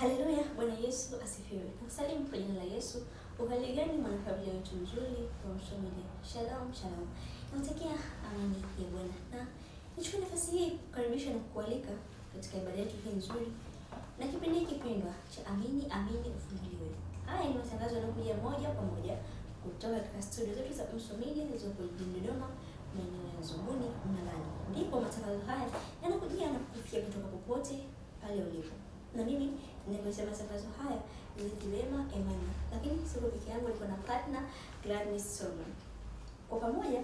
Haleluya, Bwana Yesu asifiwe. Nakusalimu kwa jina la Yesu. Uhali gani mwanafamilia wetu mzuri wa Msumi Media. Shalom, shalom. Natakia amani ya Bwana. Na nichukue nafasi hii kukaribisha na kukualika katika ibada yetu hii nzuri na kipindi hiki kipendwa cha Amini Amini Ufunuliwe. Haya ni matangazo yanayokuja moja kwa moja kutoka katika studio zetu za Msumi Media zilizoko jijini Dodoma, maeneo ya Zuguni Mnangani. Ndipo matangazo haya yanakujia na kukufikia kutoka popote pale ulipo. Na mimi naendesha matangazo haya Lizzy Dilema Emmanuel, lakini siko peke yangu, niko na partner Gladness Solomon. Kwa pamoja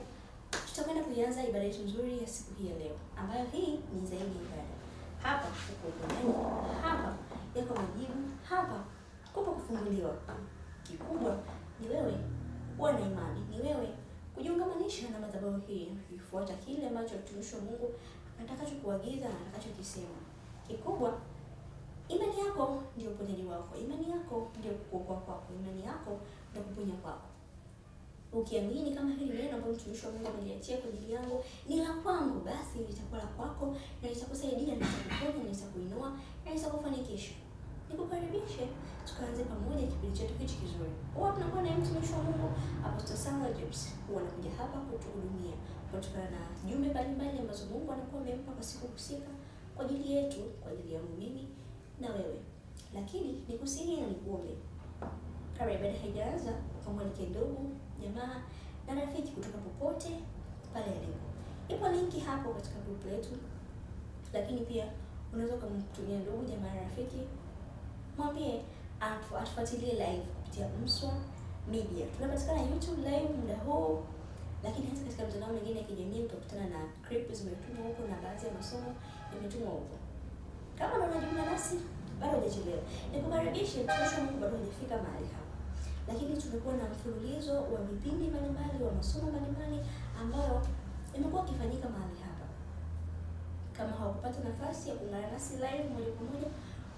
tutakwenda kuianza ibada yetu nzuri ya siku hii ya leo, ambayo hii ni zaidi ya ibada. Hapa uko uponyaji, hapa yako majibu, hapa kupo kufunguliwa. Kikubwa ni wewe kuwa na imani, ni wewe kujiungamanisha na madhabahu hii, kufuata kile ambacho mtumishi wa Mungu atakachokuagiza na atakachokisema. Kikubwa Imani yako ndio uponyaji wako, imani yako ndio kuokoa kwako, imani yako ndio kuponya kwako. Ukiamini kama hili neno ambalo mtumishi wa Mungu ameliachia kwa ajili yangu ni la kwangu, basi litakuwa la kwako na litakusaidia na litakuponya na litakuinua na litakufanikisha. Nikukaribishe tukaanze pamoja kipindi chetu hichi kizuri. Huwa tunakuwa na mtumishi wa Mungu Apostle Sara Jobs huwa anakuja hapa kutuhudumia kutokana na jumbe mbalimbali ambazo Mungu anakuwa amempa kwa siku husika kwa ajili yetu, kwa ajili yangu mimi na wewe, lakini nikusihi na nikuombe. Kabla ibada haijaanza, ukamwalike ndugu, jamaa na rafiki kutoka popote pale alipo. Ipo linki hapo katika group letu, lakini pia unaweza kumtumia ndugu, jamaa na rafiki, mwambie atufuatilie live kupitia Mswa Media. Tunapatikana YouTube live muda huu, lakini hata katika mtandao mwingine ya kijamii utakutana na clips zimetumwa huko na baadhi ya masomo yametumwa huko. Kama unaona Juma nafsi bado hujachelewa. Nikukaribishe mtumishi wa Mungu bado hajafika mahali hapa. Lakini tumekuwa na mfululizo wa vipindi mbalimbali wa masomo mbalimbali ambayo imekuwa ikifanyika mahali hapa. Kama hawakupata nafasi ya kuungana nasi live moja kwa moja,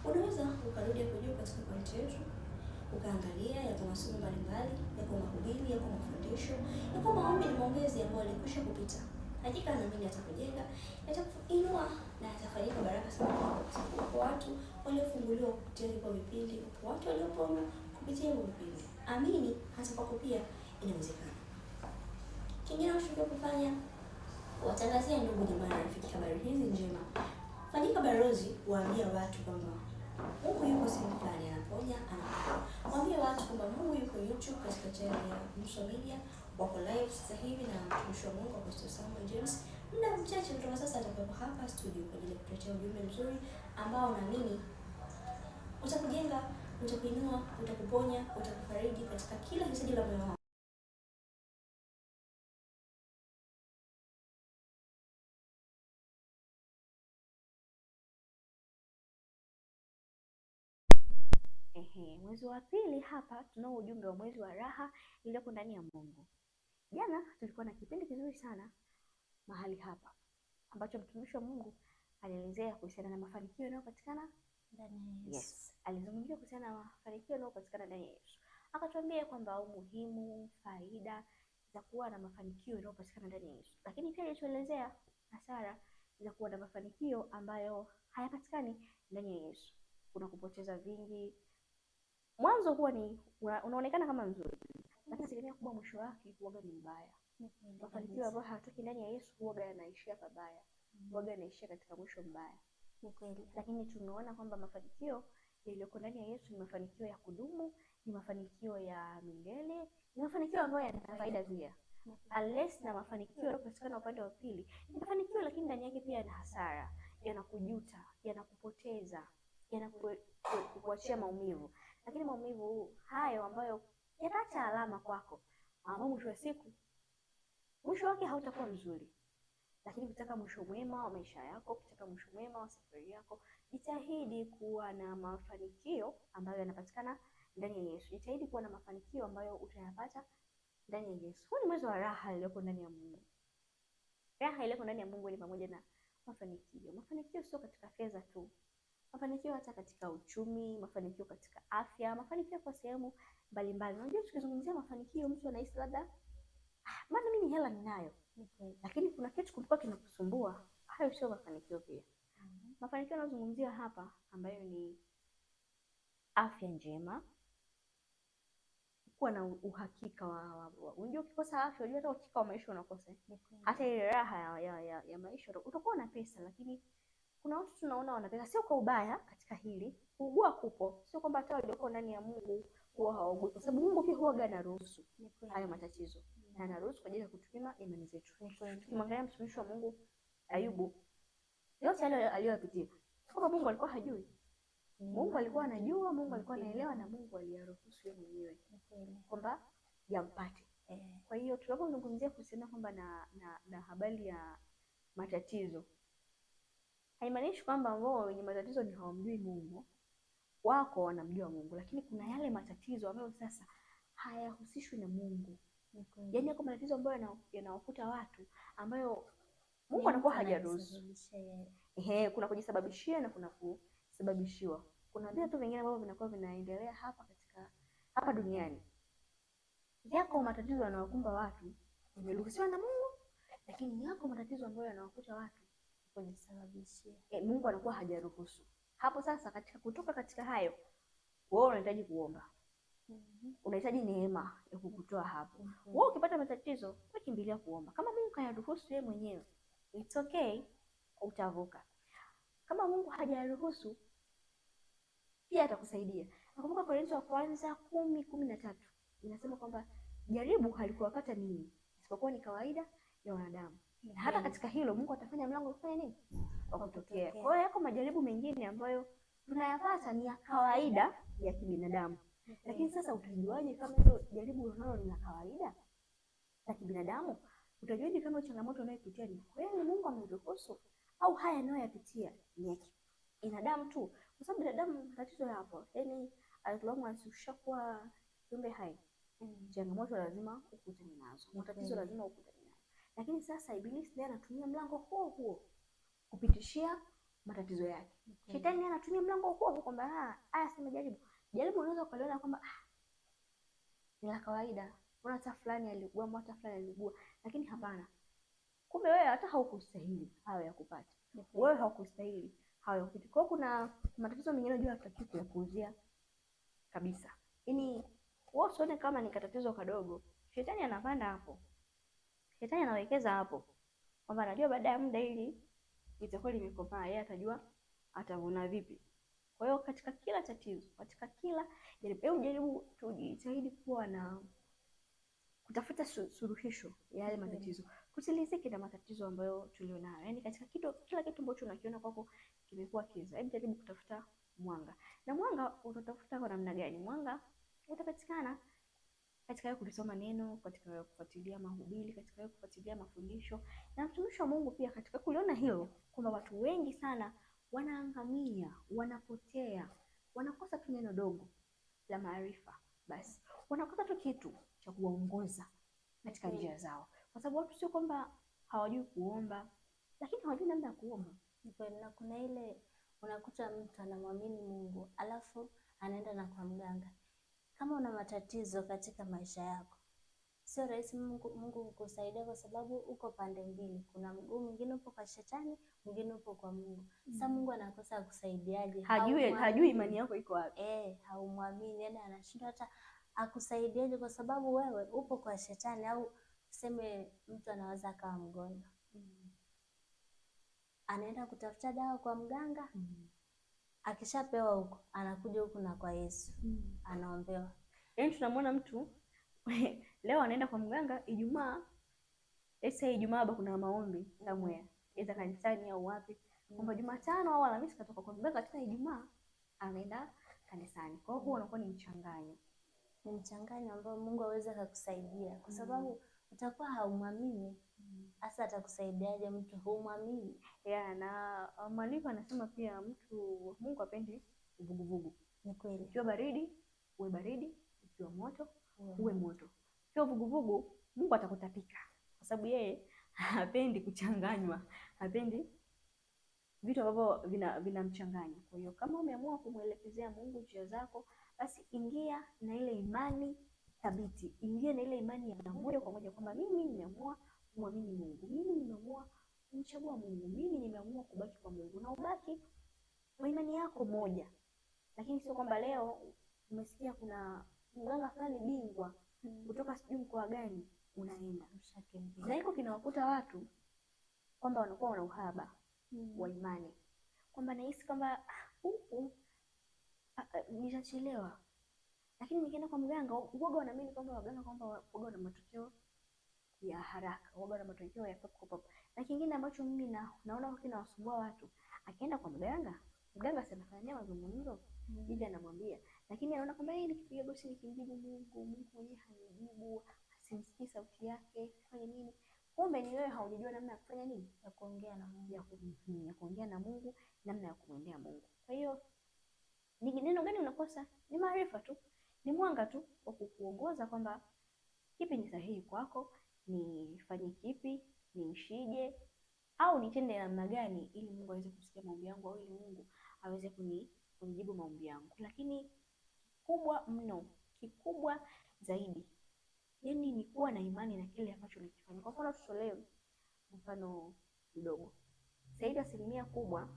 unaweza ukarudi hapo juu katika akaunti yetu ukaangalia yako masomo mbalimbali, yako mahubiri, yako mafundisho, yako maombi na maongezi ambayo alikwisha kupita hakika naamini atakujenga, atakuinua na atafanyika baraka sana kwa watu waliofunguliwa kupitia hivyo vipindi, kwa watu waliopona kupitia hivyo vipindi. Amini hata kwako pia inawezekana. Kingine ushindwe kufanya, watangazia ndugu, jamaa na rafiki habari hizi njema. Fanyika balozi, waambie watu kwamba Mungu yuko sehemu fulani, anaponya, anapoa. Waambie watu kwamba Mungu yuko YouTube katika channel ya Mswa Media wako live sasa hivi na mtumishi wa Mungu Apostle Samuel James. Muda mchache kutoka sasa atakuwepo hapa studio kwa ajili ya kutuletea ujumbe mzuri ambao naamini utakujenga, utakuinua, utakuponya, utakufariji katika kila hitaji la moyo wako. Mwezi wa pili hapa tunao ujumbe wa mwezi wa raha iliyoko ndani ya Mungu. Jana tulikuwa na kipindi kizuri sana mahali hapa ambacho mtumishi wa Mungu alielezea kuhusiana na mafanikio yanayopatikana ndani ya Yesu. Alizungumzia kuhusiana na mafanikio yanayopatikana ndani ya Yesu, akatuambia kwamba umuhimu, faida za kuwa na mafanikio yanayopatikana ndani ya Yesu, lakini pia alituelezea hasara za kuwa na mafanikio ambayo hayapatikani ndani ya Yesu. Kuna kupoteza vingi. Mwanzo huwa ni unaonekana kama mzuri lakini asilimia kubwa mwisho wake huwaga ni mbaya. Mm-hmm. Mafanikio ambayo hatoki ndani ya Yesu huwaga yanaishia pabaya, mm-hmm. huwaga yanaishia katika mwisho mbaya. Ni kweli, lakini tumeona kwamba mafanikio yaliyoko ndani ya Yesu ni mafanikio ya kudumu, ni mafanikio ya milele, ni mafanikio ambayo yana faida pia mm-hmm. unless na mafanikio yanayopatikana upande wa pili ni mafanikio, lakini ndani yake pia yana hasara, yanakujuta, yanakupoteza, yanakuachia maumivu. Lakini maumivu hayo ambayo yataacha alama kwako, ah, ambao mwisho wa siku mwisho wake hautakuwa mzuri. Lakini ukitaka mwisho mwema wa maisha yako, ukitaka mwisho mwema wa safari yako, jitahidi kuwa na mafanikio ambayo yanapatikana ndani ya Yesu. Jitahidi kuwa na mafanikio ambayo utayapata ndani ya Yesu. Huu ni mwezi wa raha iliyoko ndani ya Mungu. Raha iliyoko ndani ya Mungu ni pamoja na mafanikio. Mafanikio sio katika fedha tu, mafanikio hata katika uchumi, mafanikio katika afya, mafanikio kwa sehemu mbalimbali. Unajua, tukizungumzia mafanikio mtu anahisi labda ah, maana mimi hela ninayo okay. Lakini kuna kitu kumekuwa kinakusumbua, hayo sio mafanikio pia. mm-hmm. Mafanikio anazungumzia hapa ambayo ni afya njema, kuwa na uhakika wa unajua, ukikosa afya unajua hata uhakika wa maisha unakosa Hata ile raha ya, ya, ya, ya maisha utakuwa na pesa, lakini kuna watu tunaona wana pesa, sio kwa ubaya katika hili, kuugua kupo, sio kwamba hata walioko ndani ya Mungu huwa hawaugui, kwa sababu Mungu pia huwa anaruhusu hayo matatizo na anaruhusu kwa ajili ya kutupima imani zetu. Ukimwangalia mtumishi wa Mungu Ayubu, yote yale aliyoyapitia kama Mungu alikuwa hajui. Mungu alikuwa anajua, Mungu alikuwa anaelewa, na Mungu aliyaruhusu yeye mwenyewe kwamba yampate. Eh. Kwa hiyo tunapozungumzia kuhusiana kwamba na, na, na habari ya matatizo haimaanishi kwamba wao wenye matatizo ni hawamjui Mungu wako wanamjua Mungu, lakini kuna yale matatizo ambayo sasa hayahusishwi na Mungu. Okay. Yaani yako matatizo ambayo yanawakuta watu ambayo Mungu anakuwa hajaruhusu. Ehe, kuna kujisababishia na kuna kusababishiwa. Kuna vitu vingine ambavyo vinakuwa vinaendelea hapa katika hapa duniani. Yako matatizo yanawakumba watu yameruhusiwa na Mungu, lakini yako matatizo ambayo yanawakuta watu kujisababishia. Eh, Mungu anakuwa hajaruhusu. Hapo sasa, katika kutoka katika hayo, wewe unahitaji kuomba, mhm. unahitaji neema ya kukutoa hapo. Mhm. Wewe ukipata matatizo, wakimbilia kuomba. Kama Mungu kayaruhusu yeye mwenyewe, it's okay, utavuka. Kama Mungu hajaruhusu pia atakusaidia. Nakumbuka Korintho wa kwanza kumi kumi na tatu inasema kwamba jaribu halikuwapata ninyi isipokuwa ni kawaida ya wanadamu na hata mm. katika hilo Mungu atafanya mlango ufanye nini wakutokea. Kwa hiyo yako majaribu mengine ambayo tunayapata ni ya kawaida ya kibinadamu, mm-hmm. lakini sasa utajuaje kama hilo jaribu nalo ni la kawaida la kibinadamu? Utajuaje kama changamoto unayopitia ni kweli Mungu ameruhusu au haya anayoyapitia ni ya binadamu tu? Kwa sababu binadamu tatizo yapo, yani as long as ushakuwa kiumbe hai, mm. changamoto lazima ukutane nazo, matatizo lazima ukutane lakini sasa Ibilisi ndiye anatumia mlango huo huo kupitishia matatizo yake. Okay. Shetani anatumia mlango huo huo kwamba ah, haya sema jaribu. Jaribu unaweza kuliona kwamba ah, ni la kawaida. Mbona hata fulani aliugua, mbona hata fulani aliugua, lakini hapana. Kumbe wewe hata haukustahili hayo ya kupata. Okay. Wewe haukustahili hayo ya kupata. Kwa kuna matatizo mengine unajua hatutaki kuyapuuzia kabisa. Yaani wewe usione kama ni katatizo kadogo. Shetani anapanda hapo. Shetani anawekeza hapo kwamba anajua baada ya muda hili itakuwa limekomaa, yeye atajua atavuna vipi. Kwa hiyo katika kila tatizo, katika kila jaribu, jaribu tujitahidi kuwa na kutafuta suluhisho ya yale matatizo, kusilizike na matatizo ambayo tulionayo. Yani katika kitu, kila kitu ambacho unakiona kwako kimekuwa kiza, hebu jaribu kutafuta mwanga, na mwanga utatafuta kwa namna gani? Mwanga utapatikana katika wewe kulisoma neno, katika wewe kufuatilia mahubiri, katika wewe kufuatilia mafundisho na mtumishi wa Mungu pia, katika kuliona hilo kwamba watu wengi sana wanaangamia, wanapotea, wanakosa tu neno dogo la maarifa, basi wanakosa tu kitu cha kuwaongoza katika mm. njia zao, kwa sababu watu sio kwamba hawajui kuomba, lakini hawajui namna ya kuomba. Na kuna ile unakuta mtu anamwamini Mungu alafu anaenda na kwa mganga kama una matatizo katika maisha yako, sio rahisi Mungu, Mungu kukusaidia kwa sababu uko pande mbili. Kuna mguu mwingine upo kwa shetani, mwingine upo kwa Mungu. Sasa mm. Mungu anakosa akusaidiaje? Hajui, hajui imani yako iko wapi. Eh, haumwamini, yani anashindwa hata akusaidiaje kwa sababu wewe upo kwa shetani au tuseme mtu anaweza akawa mgonjwa. Mm. Anaenda kutafuta dawa kwa mganga. Mm akishapewa huko anakuja huku na kwa Yesu mm. anaombewa. Yaani tunamwona mtu leo anaenda kwa mganga Ijumaa, esa Ijumaa baba kuna maombi somewhere hmm. iza kanisani au wapi, hmm. kwamba Jumatano au Alhamisi katoka kwa mganga, tena Ijumaa anaenda kanisani. Kwa hiyo huo hmm. unakuwa ni mchanganyo, ni mchanganyo ambao Mungu aweze akakusaidia kwa sababu utakuwa haumwamini hasa atakusaidiaje mtu humwamini? Yeah, na ah, mwandiko anasema pia mtu Mungu apendi vuguvugu. Ni kweli, ukiwa baridi uwe baridi, ukiwa moto yeah, uwe moto. Ukiwa vuguvugu Mungu atakutapika, kwa sababu yeye hapendi kuchanganywa, hapendi vitu ambavyo vinamchanganya vina. Kwa hiyo kama umeamua kumwelekezea Mungu njia zako, basi ingia na ile imani thabiti, ingia na ile imani ya moja kwa moja kwamba mimi nimeamua kumwamini Mungu. Mimi nimeamua kumchagua Mungu, mimi nimeamua kubaki kwa Mungu na ubaki kwa imani yako moja, lakini sio kwamba leo umesikia kuna mganga fulani bingwa mm. kutoka sijui mkoa gani, unaenda na iko kinawakuta watu kwamba wanakuwa wana uhaba hmm, wa imani kwamba nahisi kwamba ah, huku ah, ah, nitachelewa, lakini nikienda kwa mganga, uoga wanaamini kwamba waganga kwamba uoga na matokeo ya haraka huwaga na matokeo ya pop kwa Na kingine ambacho mimi na, naona kinawasumbua watu, akienda kwa mganga, mganga sanafanyia mazungumzo mm. Bibi anamwambia, lakini anaona kwamba yeye nikipiga bosi nikimjibu Mungu, Mungu mwenyewe hanijibu, simsikii sauti yake, fanye nini? Kumbe ni wewe haujajua namna ya kufanya nini, ya kuongea na Mungu, ya, ku, ya kuongea na Mungu, namna ya kumwendea Mungu. Kwa hiyo ni neno gani unakosa? Ni maarifa tu, ni mwanga tu wa kukuongoza kwamba kipi ni sahihi kwako nifanye kipi, niishije au nitende namna gani ili Mungu aweze kusikia maombi yangu au ili Mungu aweze kuni, kunijibu maombi yangu. Lakini kubwa mno, kikubwa zaidi, yani ni kuwa na imani na kile ambacho nakifanya. Kwa mfano, tutolee mfano mdogo zaidi, asilimia kubwa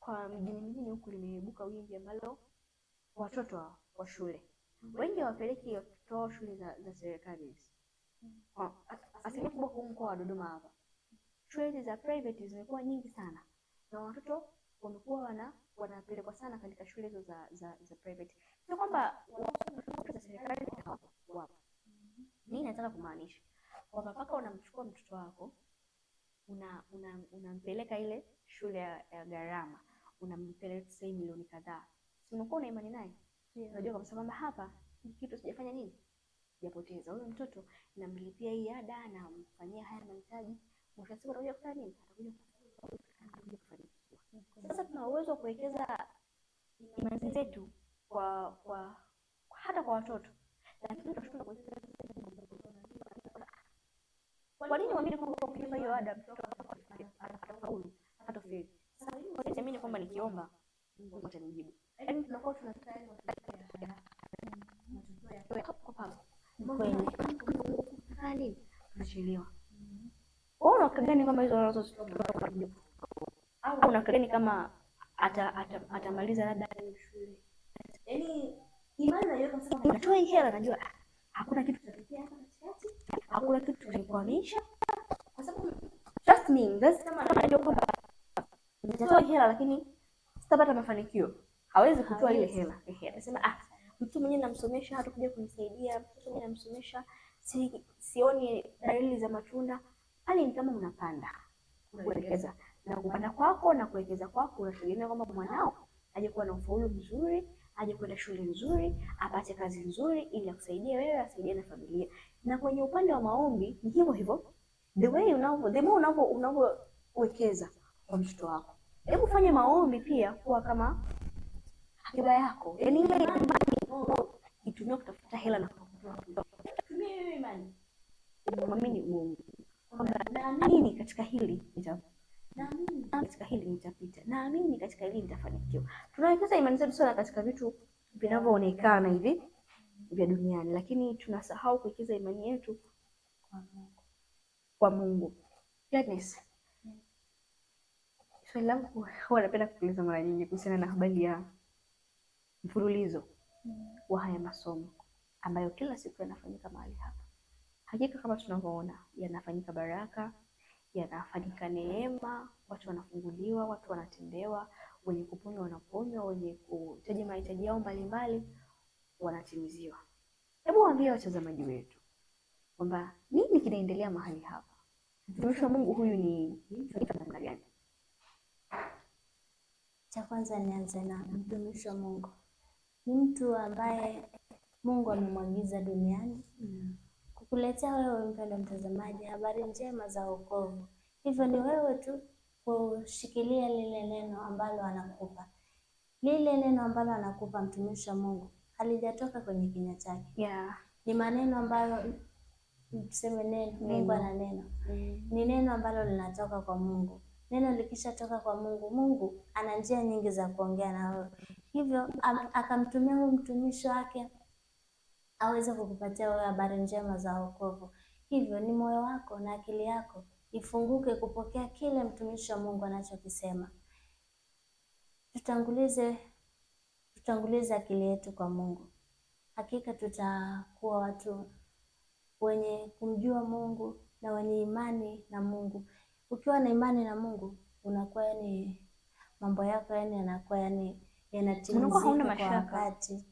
kwa mjini mjini huku limeibuka wingi ambalo watoto wa shule wengi hawapeleki watoto wao shule za, za serikali asilimia kubwa huu mkoa wa Dodoma hapa shule za private zimekuwa nyingi sana na watoto wamekuwa wana wanapelekwa sana katika shule hizo za za, za private. Sio kwamba watoto za serikali wapo. Mimi nataka kumaanisha kwamba mpaka unamchukua mtoto wako una unampeleka una ile shule ya, ya gharama unampeleka tuseme milioni kadhaa, si unakuwa una imani naye, unajua kwa sababu hapa kitu sijafanya nini sijapoteza huyo mtoto, namlipia hii ada, namfanyia haya mahitaji, mwisho siku atakuja kufanya nini? Atakuja kufanikiwa. Sasa tuna uwezo wa kuwekeza imani zetu kwa, kwa, kwa hata kwa watoto, lakini tunashindwa kuwekeza kwa nini waamini kwamba ukilipa hiyo ada mtoto atafaulu hatofeli? Sasa kwa nini kwamba nikiomba Mungu atanijibu? Yaani tunakuwa tunataka kwa pamoja kwenye hali kuchelewa. Wewe unakaa gani kama hizo wanazozitoa kwa jibu? Au unakaa gani kama ata, ata, atamaliza labda shule? Yaani imani na yeye kama hii hela najua ah, hakuna kitu hapa Hakuna kitu Kwa sababu trust me, that's kama anajua kwamba nitatoa hela lakini sitapata mafanikio. Hawezi kutoa ile hela. Ehe, anasema ah mtu mwenye namsomesha, hata kuja kunisaidia mtu mwenye namsomesha, si, sioni dalili za matunda pale. Ni kama unapanda kuelekeza na kupanda kwako na kuelekeza kwako, unategemea kwamba mwanao aje kuwa na ufaulu mzuri, aje kwenda shule nzuri, apate kazi nzuri, ili akusaidie wewe, asaidie na familia. Na kwenye upande wa maombi ni hivyo hivyo, the way unavyo, the more unavyo unavyowekeza kwa mtoto wako, hebu fanye maombi pia kuwa kama akiba yako, yani ile imani itumia kutafuta hela na mwamini Mungu kwamba naamini katika hili katika hili nitapita, naamini katika hili nitafanikiwa. Tunawekeza imani zetu sana katika vitu vinavyoonekana hivi vya duniani, lakini tunasahau kuwekeza imani yetu kwa Mungu. Gladness, swali langu huwa napenda kuuliza mara nyingi kuhusiana na habari ya mfululizo wa haya masomo ambayo kila siku yanafanyika mahali hapa. Hakika kama tunavyoona, yanafanyika baraka, yanafanyika neema, watu wanafunguliwa, watu wanatendewa, wenye kuponywa wanaponywa, wenye kuhitaji mahitaji yao mbalimbali wanatimiziwa. Hebu waambie watazamaji wetu kwamba nini kinaendelea mahali hapa. Mtumishi wa Mungu huyu ni namna gani? Cha kwanza nianze na mtumishi wa Mungu ni mtu ambaye Mungu amemwagiza duniani kukuletea wewe mpendo mtazamaji habari njema za wokovu. Hivyo ni wewe tu kushikilia lile neno ambalo anakupa, lile neno ambalo anakupa mtumishi wa Mungu halijatoka kwenye kinywa chake yeah. ni maneno ambayo tuseme neno Mungu ana neno mm. ni neno ambalo linatoka kwa Mungu. Neno likishatoka kwa Mungu, Mungu ana njia nyingi za kuongea na wewe. Hivyo akamtumia huyu mtumishi wake aweze kukupatia wewe habari njema za wokovu. Hivyo ni moyo wako na akili yako ifunguke kupokea kile mtumishi wa Mungu anachokisema. Tutangulize, tutangulize akili yetu kwa Mungu. Hakika tutakuwa watu wenye kumjua Mungu na wenye imani na Mungu. Ukiwa na imani na Mungu unakuwa yani, mambo yako yani yanakuwa yani yanatimizika kwa wakati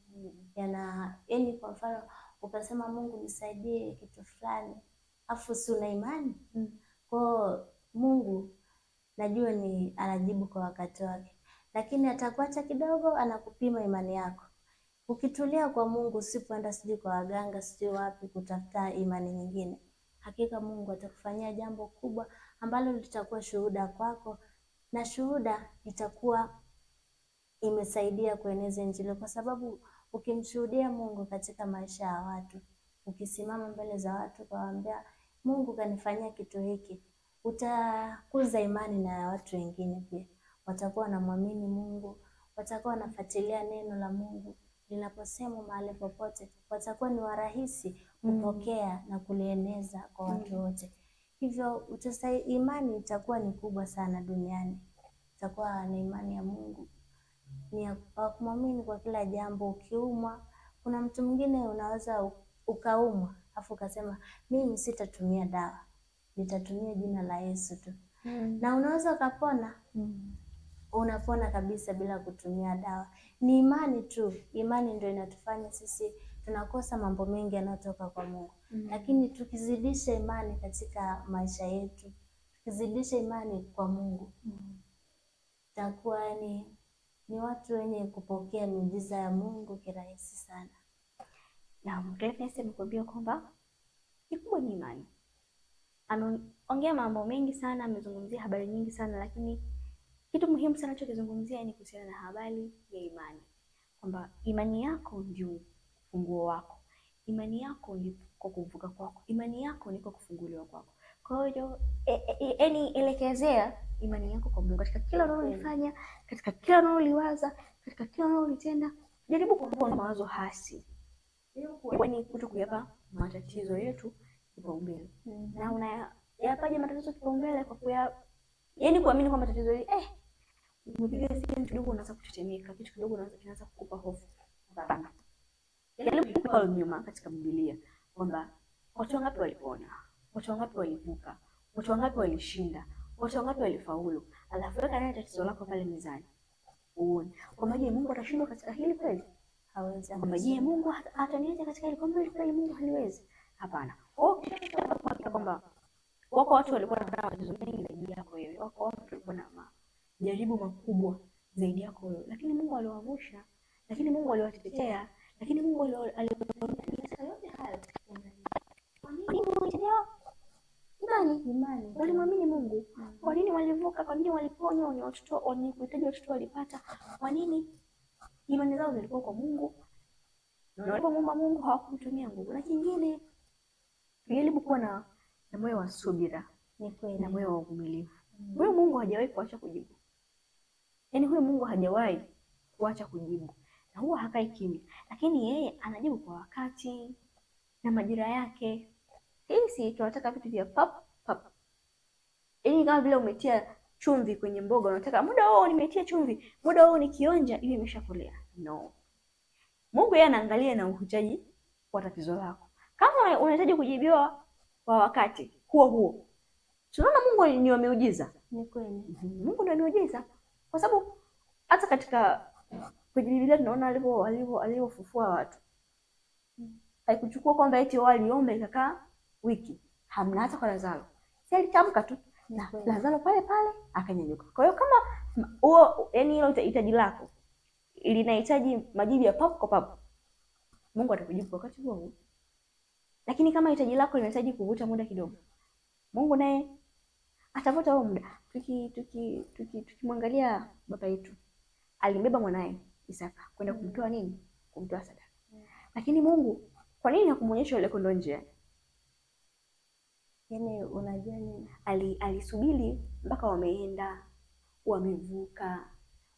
yana yani, kwa mfano ukasema Mungu nisaidie kitu fulani, afu si una imani mm. Kwao Mungu najua ni anajibu kwa wakati wake, lakini atakuacha kidogo, anakupima imani yako. Ukitulia kwa Mungu, usipoenda sijui kwa waganga sijui wapi kutafuta imani nyingine, hakika Mungu atakufanyia jambo kubwa ambalo litakuwa shuhuda kwako, na shuhuda itakuwa imesaidia kueneza Injili, kwa sababu ukimshuhudia Mungu katika maisha ya watu, ukisimama mbele za watu ukawaambia Mungu kanifanyia kitu hiki, utakuza imani na watu wengine pia watakuwa wanamwamini Mungu, watakuwa wanafuatilia neno la Mungu linaposema mahali popote, watakuwa ni warahisi kupokea na kulieneza kwa watu mm. wote. Hivyo utasai, imani itakuwa ni kubwa sana duniani, itakuwa na imani ya Mungu ni kumwamini kwa kila jambo. Ukiumwa, kuna mtu mwingine unaweza ukaumwa afu ukasema mimi sitatumia dawa, nitatumia jina la Yesu tu mm. na unaweza ukapona mm. unapona kabisa bila kutumia dawa. Ni imani tu, imani ndio inatufanya sisi tunakosa mambo mengi yanayotoka kwa Mungu mm. lakini tukizidisha imani katika maisha yetu, tukizidisha imani kwa Mungu mm. takuwa ni ni watu wenye kupokea miujiza ya Mungu kirahisi sana. Naam, Reverence amekwambia kwamba kikubwa ni imani. Ameongea mambo mengi sana, amezungumzia habari nyingi sana, lakini kitu muhimu sana chokizungumzia ni kuhusiana na habari ya imani, kwamba imani yako ndio ufunguo wako, imani yako ni kwa kuvuka kwako, imani yako ni kwa kufunguliwa kwako. Kwa hiyo eh, eh, eh, yani, elekezea imani yako kwa Mungu katika kila unalolifanya, katika kila unaloliwaza, katika kila unalolitenda. Jaribu kuwa na mawazo hasi, kwani kuto kuyapa matatizo yetu kipaumbele. Mm. Na unayapaje matatizo kipaumbele? Kwa kuya yani, kuamini kwamba tatizo hili eh, umepiga simu kidogo, unaanza kutetemeka, kitu kidogo unaanza kukupa hofu. Hapana, jaribu kwa nyuma katika Biblia kwamba watu wangapi walipona, watu wangapi walivuka, watu wangapi walishinda watu wangapi walifaulu, alafu weka nani tatizo lako pale mezani uone kwamba je, Mungu atashindwa katika hili kweli? Hawezi. Kwamba je, Mungu ataniacha katika hili kwamba hili kweli Mungu haliwezi? Hapana. Oh, kwamba wako watu walikuwa na matatizo mengi zaidi yako wewe, wako watu walikuwa na majaribu makubwa zaidi yako wewe, lakini Mungu aliwavusha, lakini Mungu aliwatetea, lakini Mungu aliwaonya yote hayo. Kwa nini? Imani, imani. Walimwamini Mungu. Mm. Kwa nini walivuka? Kwa nini waliponywa? wenye watoto wenye kuhitaji watoto walipata? Kwa nini? Imani zao zilikuwa kwa Mungu. Na walipomuomba Mungu hawakumtumia nguvu. Na kingine tujaribu kuwa na na moyo wa subira. Ni kweli. Na moyo wa uvumilivu. Mm. Huyo Mungu hajawahi kuacha kujibu. Yaani huyo Mungu hajawahi kuacha kujibu. Na huwa hakai kimya. Lakini yeye anajibu kwa wakati na majira yake. Hisi tunataka vitu vya pap pap, yaani kama vile umetia chumvi kwenye mboga, unataka muda huo nimetia chumvi, muda huo nikionja iwe imeshakolea. No, Mungu yeye anaangalia na uhitaji wa tatizo lako. Kama unahitaji kujibiwa kwa wakati huo huo, tunaona Mungu ni wa miujiza. Ni kweli, mhm. Mungu ndiye miujiza, kwa sababu hata katika kwenye Biblia tunaona alivyo alivyofufua watu, mm. haikuchukua kwamba eti wao waliomba ikakaa wiki hamnaacha kwa Lazaro. Si alitamka tu na Lazaro pale pale akanyanyuka. Kwa hiyo kama huo yani hilo hitaji lako linahitaji majibu ya papo kwa papo, Mungu atakujibu wakati huo huo. Lakini kama hitaji lako linahitaji kuvuta muda kidogo, Mungu naye atavuta huo muda. Tuki tuki tuki tukimwangalia tuki baba yetu alimbeba mwanaye Isaka kwenda kumtoa nini, kumtoa sadaka, mm. lakini Mungu kwa nini hakumuonyesha yule kondoo njiani? yani unajua ali, alisubiri mpaka wameenda wamevuka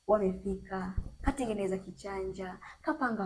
wamefika, katengeneza kichanja, kapanga